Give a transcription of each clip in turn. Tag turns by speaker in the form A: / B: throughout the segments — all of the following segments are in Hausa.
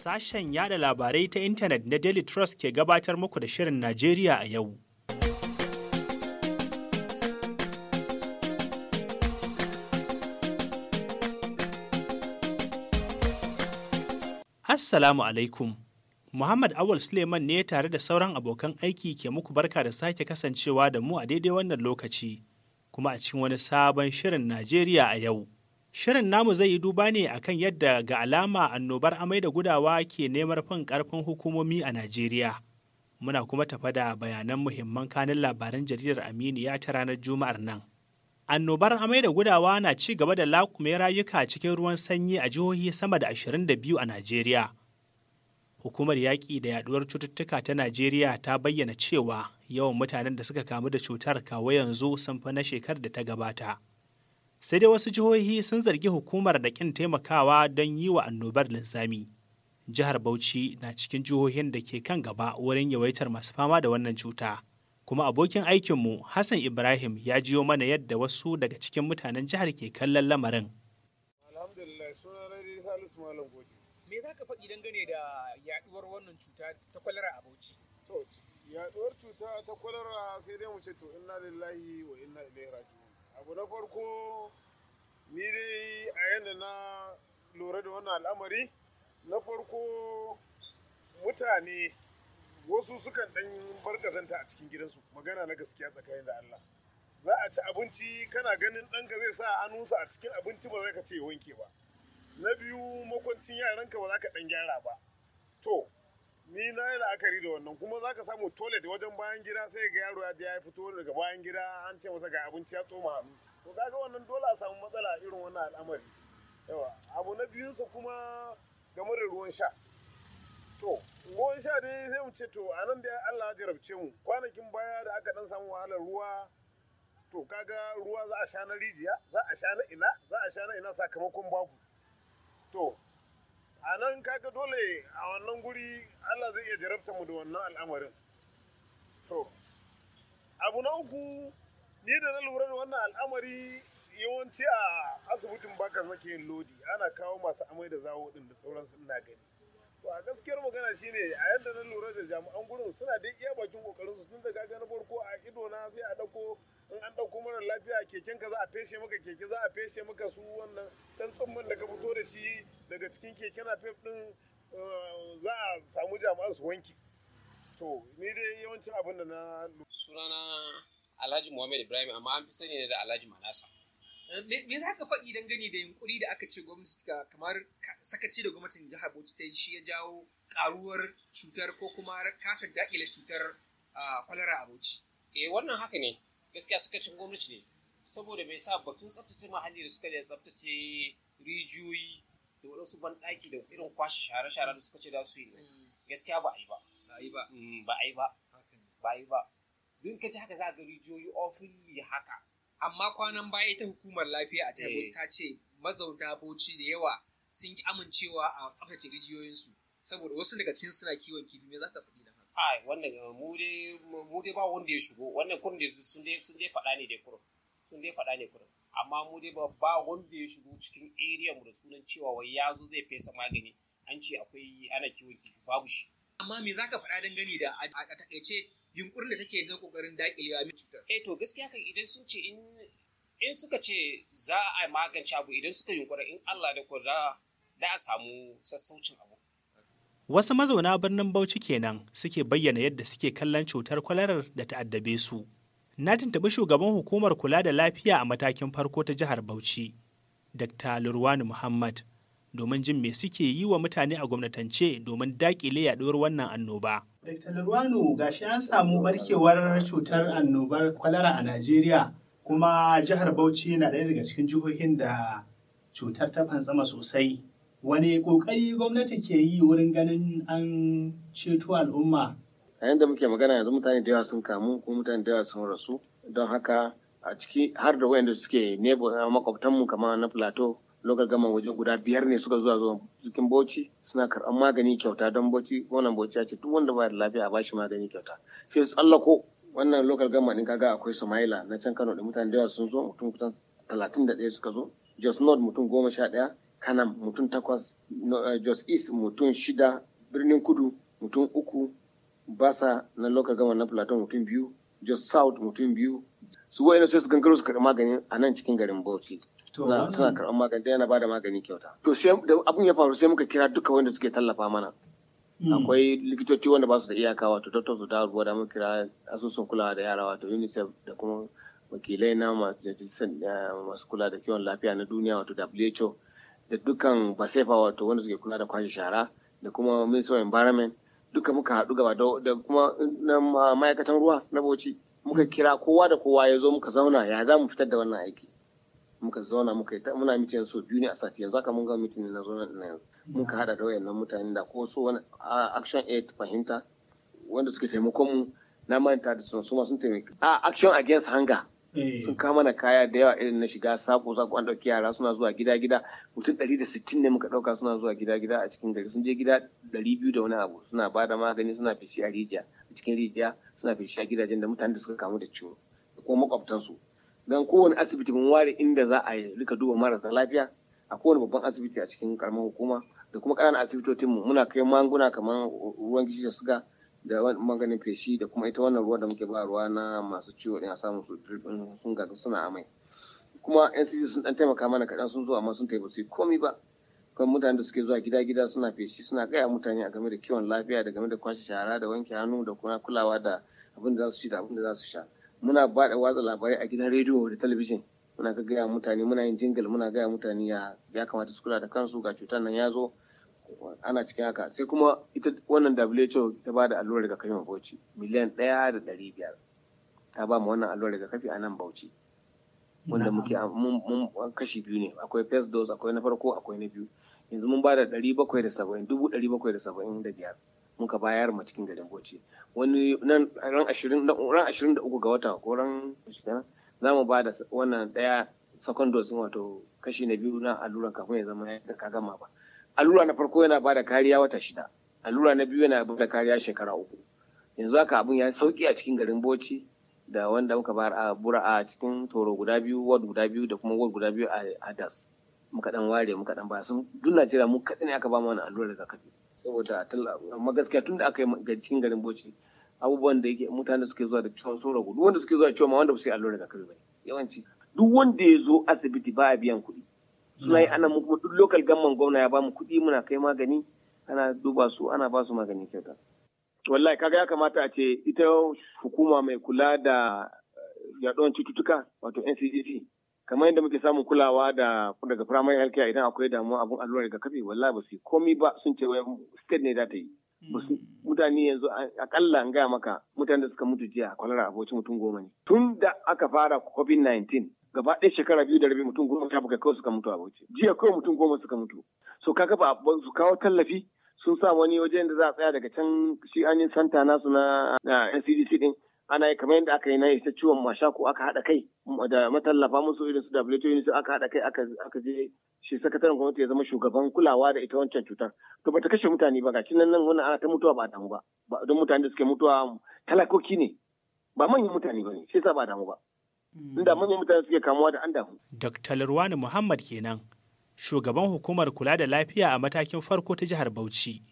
A: Sashen yada labarai ta intanet na Daily Trust ke gabatar muku da Shirin Najeriya a yau. Assalamu alaikum. Muhammad Awal Suleiman ne tare da sauran abokan aiki ke muku barka da sake kasancewa da mu a daidai wannan lokaci, kuma a cikin wani sabon Shirin Najeriya a yau. Shirin namu zai yi duba ne akan yadda ga alama annobar amai da gudawa ke nemar fin karfin hukumomi a Najeriya. Muna kuma tafa da bayanan muhimman kanin labaran jaridar Aminiya ta ranar Juma'ar nan. Annobar amai da gudawa na ci gaba da lakume rayuka cikin ruwan sanyi a jihohi sama da 22 a Najeriya. Hukumar yaƙi da yaduwar cututtuka ta Najeriya ta bayyana cewa yawan mutanen da suka kamu da cutar kawai yanzu sun fi na shekarar da ta gabata. sai dai wasu jihohi sun zargi hukumar da ƙin taimakawa don yi wa annobar linzami. Jihar Bauchi na cikin jihohin da ke kan gaba wurin yawaitar masu fama da wannan cuta. Kuma abokin aikinmu Hassan Ibrahim ya jiyo mana yadda wasu daga cikin mutanen jihar ke kallon lamarin.
B: Alhamdulillah Me za ka faɗi dangane da yaɗuwar wannan cuta ta kwalara a
C: Bauchi? To, yaɗuwar cuta ta kwalara sai dai mu to inna lillahi wa inna ilaihi raji'un. abu na farko ni dai a yadda na lura da wannan al'amari na farko mutane wasu sukan dan kazanta a cikin gidansu magana na gaskiya tsakanin da Allah za a ci abinci kana ganin ɗanka zai sa hannunsa a cikin abinci ba zai ka ce wanke ba na biyu makwancin yaranka ba za ka ɗan gyara ba to ni na yi la'akari da wannan kuma za ka samu toilet wajen bayan gida sai ga yaro ya je ya fito daga bayan gida an ce masa ga abinci ya tsoma hannu to kaga wannan dole a samu matsala irin wannan al'amari yawa abu na biyunsa kuma game da ruwan sha to ruwan sha dai sai mu ce to a nan da Allah ya jarabce mu kwanakin baya da aka dan samu wahalar ruwa to kaga ruwa za a sha na rijiya za a sha na ina za a sha na ina sakamakon babu to a nan kaga dole a wannan guri Allah zai iya jarabta mu da wannan al'amarin to abu na uku ni da na lura da wannan al'amari yawanci a asibitin baka nake yin lodi ana kawo masu amai da zawo din da sauransu ina gani a gaskiyar magana shine a yadda na lura da jami'an gurin suna dai iya bakin kokarin su tun da kaga na farko a ido na sai a dauko in an dauko mara lafiya keken ka za a feshe maka keke za a feshe maka su wannan dan tsumman da ka fito da shi daga cikin keke na fef din eh, za a samu jami'an su wanki to ni dai yawancin abin da na
B: sunana Alhaji Muhammad Ibrahim amma an fi sani da Alhaji Manasa me za ka faɗi don gani da yunkuri da aka ce gwamnati ta kamar sakaci da gwamnatin jihar bauchi ta yi shi ya jawo karuwar cutar ko kuma kasa dakile cutar kwalara a bauchi eh wannan haka ne gaskiya sakacin gwamnati ne saboda mai sa batun tsaftace muhalli da suka da tsaftace rijiyoyi da waɗansu banɗaki da irin kwashe share-share da suka ce za su yi mm. gaskiya ba a yi ba ba a yi ba mm, ba a yi ba don ka ji haka za ga rijiyoyi ofili haka amma kwanan baya ita hukumar lafiya a jihar eh. ta ce mazauna bauchi da yawa sun ki amincewa a tsaftace rijiyoyinsu saboda wasu daga cikin suna kiwon kifi me za ka faɗi da haka ai wannan eh, mu dai ba wanda ya shigo wannan kurin da sun dai sun dai faɗa ne dai kurin sun dai faɗa ne kurin amma mu dai ba wanda ya shigo cikin area mu da sunan cewa wai ya zo zai fesa magani an ce akwai ana kiwon kifi babu shi amma me zaka faɗa dangane da a takaice yunkurin da take na kokarin daƙile ya cutar. Eh to gaskiya kan idan sun ce in in suka ce za a magance abu idan suka yunkura in Allah da kura da a samu sassaucin abu.
A: Wasu mazauna birnin Bauchi kenan suke bayyana yadda suke kallon cutar kwalarar da ta addabe su. Na tuntuɓi shugaban hukumar kula da lafiya a matakin farko ta jihar Bauchi, Dr. Lurwani Muhammad, domin jin me suke yi wa mutane a gwamnatance domin daƙile yaɗuwar wannan annoba. Dr. Lurwanu gashi an samu barkewar cutar annobar kwalara a Najeriya kuma jihar Bauchi na ɗaya daga cikin jihohin da cutar ta fantsama sosai. Wani ƙoƙari gwamnati ke yi wurin ganin an ceto al'umma?
D: A yadda muke magana yanzu mutane da yawa sun kamu ko mutane da yawa sun rasu don haka a ciki har da wayanda suke nebo makwabtanmu kamar na plateau Lokal gaman waje guda biyar ne suka zuwa zuwa cikin bauchi suna karɓar magani kyauta don bauchi wannan bauchi ya ce duk wanda ba da lafiya a shi magani kyauta sai tsallako wannan lokal gaman din kaga akwai Sumaila na can Kano da mutane da yawa sun zo mutum kusan talatin da ɗaya suka zo Jos North mutum goma sha ɗaya Kanam mutum takwas eh, Jos East mutum shida birnin kudu mutum uku Basa na lokal gama na Plateau mutum biyu Jos South mutum biyu su wa'ina sai su gangaro su karɓi magani a nan cikin garin Bauchi. Tana karɓar magani yana ba da magani kyauta. To sai abin ya faru sai muka kira duka wanda suke tallafa mana. Hmm. Akwai likitoci wanda ba su da iyaka wato Dr. Zuda Ruwa da muka kira asusun kulawa da yara wato UNICEF da kuma wakilai na eh, masu kula da kiwon lafiya na duniya wato WHO da dukkan basefa wato wanda suke kula da kwashe shara da kuma minister of Environment duka muka haɗu gaba da kuma ma'aikatan ruwa na Bauchi. muka kira kowa da kowa ya zo muka zauna ya za mu fitar da wannan aiki muka zauna muka yi muna mitin so biyu ne a sati yanzu haka mun ga mitin na zo nan yanzu muka hada da wayannan mutanen da ko so wani action aid fahimta wanda suke taimakon mu na manta da sun suma sun taimaki a action against hunger eh. sun kama na kaya da yawa irin na shiga sako sako an dauki yara suna zuwa gida gida mutum ɗari da sittin ne muka ɗauka suna zuwa gida gida a cikin gari sun je gida ɗari biyu da wani abu suna ba da magani suna fishi a rijiya a cikin rijiya suna a gidajen da mutane da suka kamu da ciwo da kuma makwabtansu don kowane asibiti mun ware inda za a rika duba marasa lafiya a kowane babban asibiti a cikin karamar hukuma da kuma ƙananan asibitocinmu muna kai magunguna kamar ruwan gishi da suga da maganin feshi da kuma ita wannan ruwa da muke ba ruwa na masu ciwo ɗin a samun su sun gaga suna amai kuma ncc sun ɗan taimaka mana kaɗan sun zo amma sun taimaka su komi ba kan mutane da suke zuwa gida-gida suna feshi suna gaya mutane a game da kiwon lafiya da game da kwashe shara da wanke hannu da kuma kulawa da abin da za su ci da abin da za su sha muna bada watsa labarai a gidan rediyo da talabijin muna ga gaya mutane muna yin jingal muna gaya mutane ya ya kamata su kula da kansu ga cutar nan ya zo ana cikin haka sai kuma ita wannan WHO ta bada da allurar rigakafin ma Bauchi miliyan ɗaya da ɗari biyar ta ba mu wannan allurar rigakafi a nan Bauchi wanda muke mun kashi biyu ne akwai first dose akwai na farko akwai na biyu yanzu mun ba da ɗari bakwai da saba'in dubu ɗari bakwai da saba'in da biyar muka bayar ma cikin garin bauchi wani nan ran ashirin ran ashirin da uku ga wata ko ran za mu ba da wannan ɗaya second dose wato kashi na biyu na alluran kafin ya zama yadda ka gama ba allura na farko yana ba da kariya wata shida allura na biyu yana ba da kariya shekara uku yanzu haka abin ya sauki a cikin garin bauchi da wanda muka bayar a bura a cikin toro guda biyu ward guda biyu da kuma ward guda biyu a das muka dan ware muka dan baya sun duk Najeriya mu kaɗai ne aka ba mu wannan allurar rigakafi saboda amma gaskiya tun da aka yi cikin garin Bauchi abubuwan da yake mutane suke zuwa da ciwon sun ragu duk wanda suke zuwa ciwon ma wanda ba su yi allurar rigakafi ba yawanci duk wanda ya zo asibiti ba a biyan kuɗi suna yi ana mu kuma duk lokal gamman gwamna ya ba mu kuɗi muna kai magani ana duba su ana ba su magani kyauta wallahi kaga ya kamata a ce ita hukuma mai kula da eh, yaɗuwar cututtuka wato ncdc kamar yadda muke samun kulawa da daga primary health care idan akwai damuwa abun allurar rigakafi wallahi ba su komi ba sun ce wai state ne za ta yi hmm. mutane yanzu akalla an gaya maka mutane da suka mutu jiya a kwalara abokin mutum goma ne tun da aka fara covid-19 gaba ɗaya shekara biyu da rabi mutum goma ta buga kawai suka mutu abokin jiya kawai mutum goma suka mutu so kaga ba su kawo tallafi sun sa wani wajen da za a tsaya daga can shi an yi santa nasu na ncdc din ana yi kamar yadda aka yi na isa ciwon mashaku aka haɗa kai da matallafa musu irin su WHO ne su aka haɗa kai aka je shi sakataren gwamnati ya zama shugaban kulawa da ita wancan cutar to bata kashe mutane ba gashi nan nan wannan ana ta mutuwa ba damu ba don mutane da suke mutuwa talakoki ne ba manyan mutane ba ne shi yasa ba damu ba hmm. inda manyan
A: mutane suke kamuwa da an damu Dr. Lurwani Muhammad kenan shugaban hukumar kula da lafiya a matakin farko ta jihar Bauchi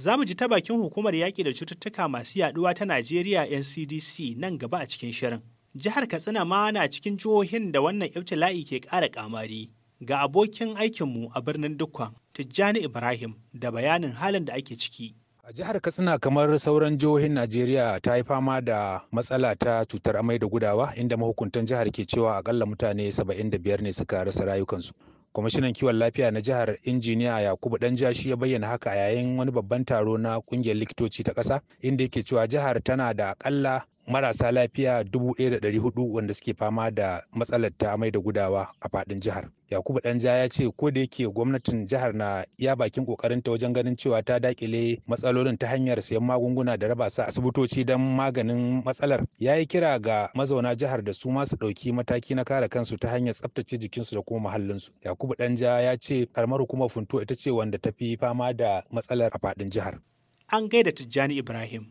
A: Za mu ji ta bakin hukumar yaƙi da cututtuka masu yaɗuwa ta Najeriya NCDC nan gaba a cikin shirin. Jihar Katsina ma na cikin jihohin da wannan ibtila'i ke ƙara ƙamari. Ga abokin aikinmu a birnin Dukkan, Tijjani Ibrahim, da bayanin halin da ake ciki. A jihar Katsina kamar sauran jihohin Najeriya ta yi fama da matsala ta cutar amai da gudawa inda mahukuntan jihar ke cewa akalla mutane 75 ne suka rasa rayukansu. kwamishinan kiwon lafiya na jihar injiniya yakubu dan jashi ya bayyana haka yayin wani babban taro na kungiyar likitoci ta ƙasa inda yake cewa jihar tana da akalla marasa lafiya dubu ɗaya da ɗari 1,400 wanda suke fama da matsalar ta amai da gudawa a faɗin jihar. Yakubu Ɗanja ya ce ko da yake gwamnatin jihar na ya bakin ta wajen ganin cewa ta dakile matsalolin ta hanyar sayan magunguna da raba su asibitoci don maganin matsalar. Ya yi kira ga mazauna jihar da su masu ɗauki mataki na kare kansu ta hanyar tsaftace jikinsu da kuma muhallinsu. Yakubu Ɗanja ya ce karmar hukumar Funtuwa ita ce wanda ta fi fama da matsalar a faɗin jihar. An gaida Tijjani Ibrahim.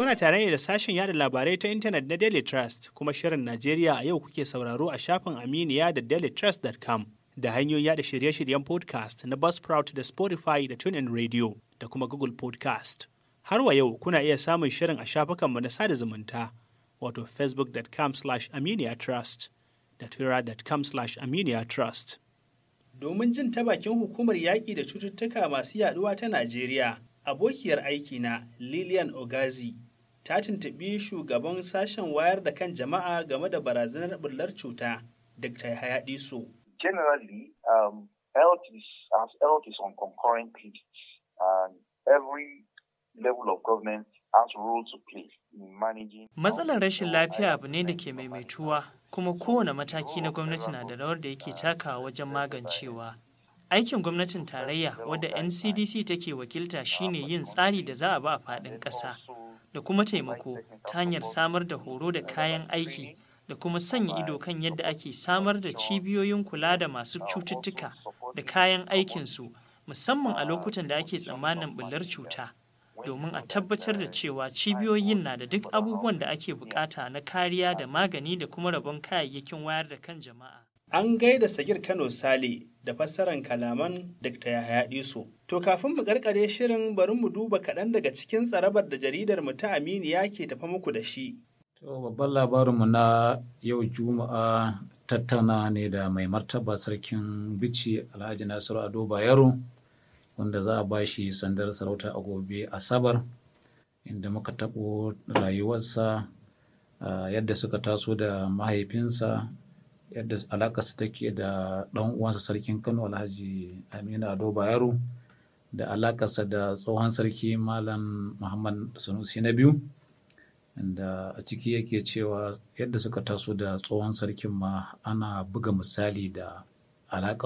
A: Kuna tare ne da sashen yada labarai ta intanet na Daily Trust kuma shirin Najeriya a yau kuke sauraro a shafin Aminiya da dailytrust.com da hanyoyin yada shirye-shiryen podcast na Buzzsprout da Spotify da TuneIn Radio da kuma Google Podcast. Har wa yau kuna iya samun shirin a shafukanmu na sada zumunta wato facebook.com slash da twitter.com slash Domin jin ta bakin hukumar yaƙi da cututtuka masu yaduwa ta Najeriya, abokiyar aiki na Lilian Ogazi ta tuntuɓi shugaban sashen wayar da kan jama'a game da barazanar bullar cuta Dr. Hayaɗi So.
D: Generally, um, role to
A: Matsalar rashin lafiya abu ne da ke maimaituwa, kuma kowane mataki na gwamnati na da rawar da yake takawa wajen magancewa. Aikin gwamnatin tarayya wadda NCDC take wakilta shine yin tsari da za a ba a faɗin ƙasa. da kuma taimako ta hanyar samar da horo da kayan aiki da kuma sanya ido kan yadda ake samar da cibiyoyin kula da masu cututtuka da kayan aikinsu musamman a lokutan da ake tsammanin bullar cuta domin a tabbatar da cewa cibiyoyin na da duk abubuwan da ake bukata na kariya da magani da kuma rabon kayayyakin wayar da kan jama'a. An gaida Sagir Kano Sale da fassaran kalaman Dr. Yahaya Iso. To kafin mu karkare shirin bari mu duba kaɗan daga cikin tsarabar da jaridar mu ta Aminiya ke tafa muku da shi.
E: To babban labarinmu na yau Juma'a tattauna ne da mai martaba sarkin bici Alhaji Nasiru Ado Bayero wanda za a shi sandar sarauta a gobe Asabar inda muka taɓo rayuwarsa ah, yadda suka taso da mahaifinsa yadda alaƙa alakarsa take da ɗan uwansa sarkin kano alhaji aminu ado bayero da alakarsa da tsohon sarki malam muhammad sanusi na biyu da a ciki yake cewa yadda suka taso da tsohon sarkin ma ana buga misali da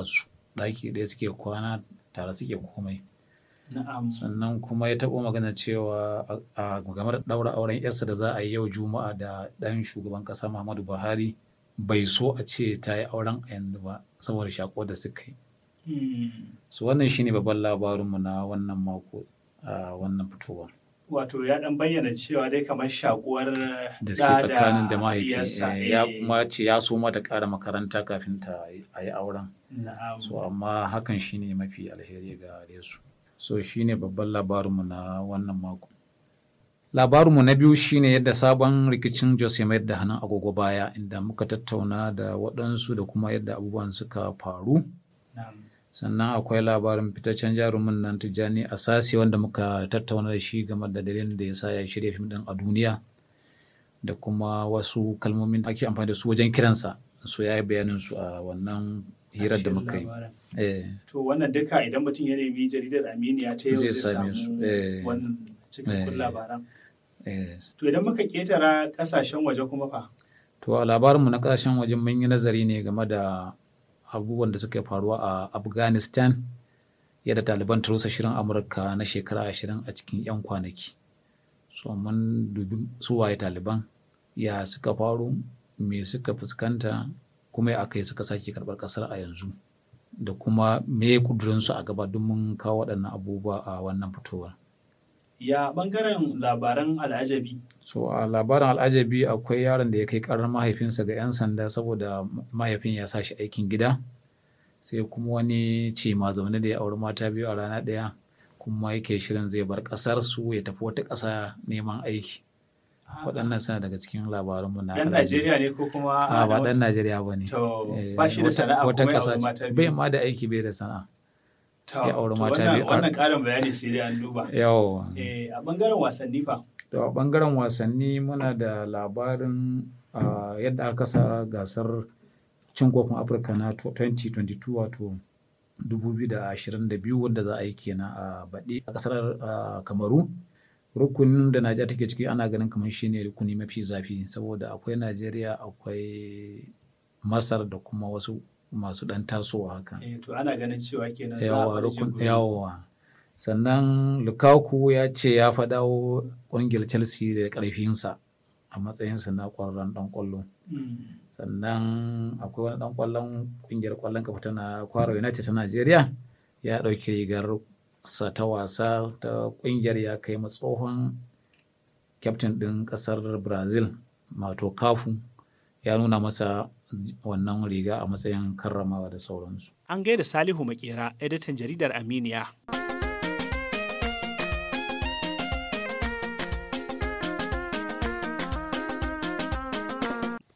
E: su ɗaki ɗaya suke kwana tare suke komai sannan kuma ya taɓo magana cewa a game da ɗaura auren yarsa da za a yi yau juma'a da ɗan shugaban ƙasa muhammadu buhari bai so a ce ta yi auren a yanzu ba saboda shaƙo da suka yi. So wannan shine babban labarinmu na wannan mako a wannan fitowa.
A: Wato ya ɗan bayyana cewa dai kamar shakuwar da suke tsakanin da mahaifiyarsa eh, ya eh.
E: kuma ce ya so mata ƙara makaranta kafin ta yi auren. So amma hakan shine mafi alheri ga su. So shine babban labarinmu na wannan mako. Labarinmu na biyu shine yadda sabon rikicin jose ya mayar da hannun agogo baya inda muka tattauna da waɗansu da kuma yadda abubuwan suka faru. Sannan akwai labarin fitaccen jarumin nan Tijjani Asasi wanda muka tattauna da shi game da dalilin da ya sa ya shirya fim ɗin a duniya da kuma wasu kalmomin da ake amfani da su wajen kiransa su ya yi bayanin su a wannan hirar da muka yi. Eh.
A: To wannan duka idan mutum ya nemi jaridar Aminiya ta yau zai samu eh. wannan cikakkun eh. labaran. Eh. To idan muka ketara kasashen waje kuma fa?
E: To a labarinmu na kasashen waje mun yi nazari ne game da abubuwan da suka faruwa a Afghanistan yadda taliban ta rusa shirin Amurka na shekara ashirin a cikin 'yan kwanaki. So mun dubi suwaye taliban ya suka faru me suka fuskanta kuma ya aka yi suka sake karɓar ƙasar a yanzu da kuma me kudurinsu a gaba don mun kawo waɗannan abubuwa a wannan fitowar.
A: ya bangaren labaran al'ajabi
E: so a labaran al'ajabi akwai yaron da ya kai karar mahaifinsa ga 'yan sanda saboda mahaifin ya sa shi aikin gida sai kuma wani ce ma zaune da ya auri mata biyu a rana ɗaya kuma yake shirin zai bar ƙasar su ya tafi wata ƙasa neman aiki waɗannan suna daga cikin labarin mu na ɗan Najeriya ne ko kuma a ba ɗan Najeriya ba ne ba eh, shi da sana'a wata ƙasa bai ma da aiki bai da sana'a ya auri mata biyu wannan karin
A: bayani sai dai an duba eh, a bangaren wasanni fa
E: to a bangaren wasanni muna da labarin yadda aka sa gasar cin kofin afirka na 2022 wato 2022 wanda za a yi kenan a baɗi a ƙasar kamaru rukunin da najeriya take ciki ana ganin kamar shi ne rukuni mafi zafi saboda akwai najeriya akwai masar da kuma wasu masu ɗan tasowa haka. Eh,
A: to ana ganin cewa kenan za a yawa.
E: Sannan Lukaku ya ce ya faɗawo ƙungiyar Chelsea da ƙarfinsa a matsayinsa na ƙwararren ɗan ƙwallo. Hmm. Sannan akwai wani ɗan ƙwallon ƙungiyar ƙwallon kafa tana kwara United ta Najeriya ya ɗauki rigar sa ta wasa ta ƙungiyar ya kai tsohon kyaftin ɗin ƙasar Brazil Mato Kafu ya nuna masa wannan riga a matsayin karramawa da sauransu.
A: An gaida Salihu Makera, editan jaridar Aminiya.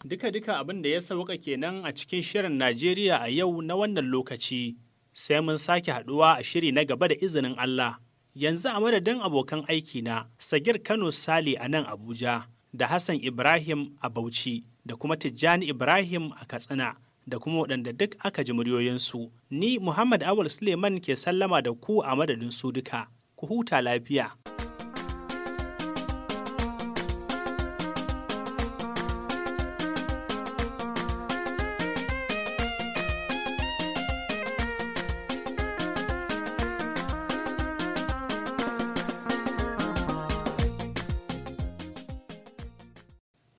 A: Duka-duka abin da ya sauka kenan a cikin shirin Najeriya a yau na wannan lokaci, sai mun sake haduwa a shiri na gaba da izinin Allah. Yanzu a madadin abokan aikina, Sagir Kano Sali a nan Abuja da Hassan Ibrahim a Bauchi. da kuma Tijjani Ibrahim a Katsina da kuma waɗanda duk aka ji muryoyinsu. Ni Muhammad Awul Suleiman ke sallama da ku a madadin su duka. Ku huta lafiya.